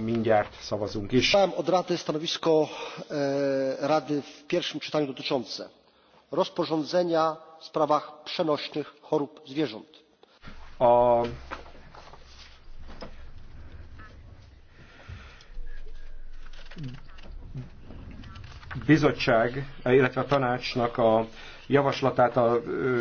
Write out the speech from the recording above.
mindjárt szavazunk is. od rady stanowisko e, rady w pierwszym czytaniu dotyczące rozporządzenia w sprawach przenośnych chorób zwierząt. A bizottság, illetve a tanácsnak a javaslatát a e,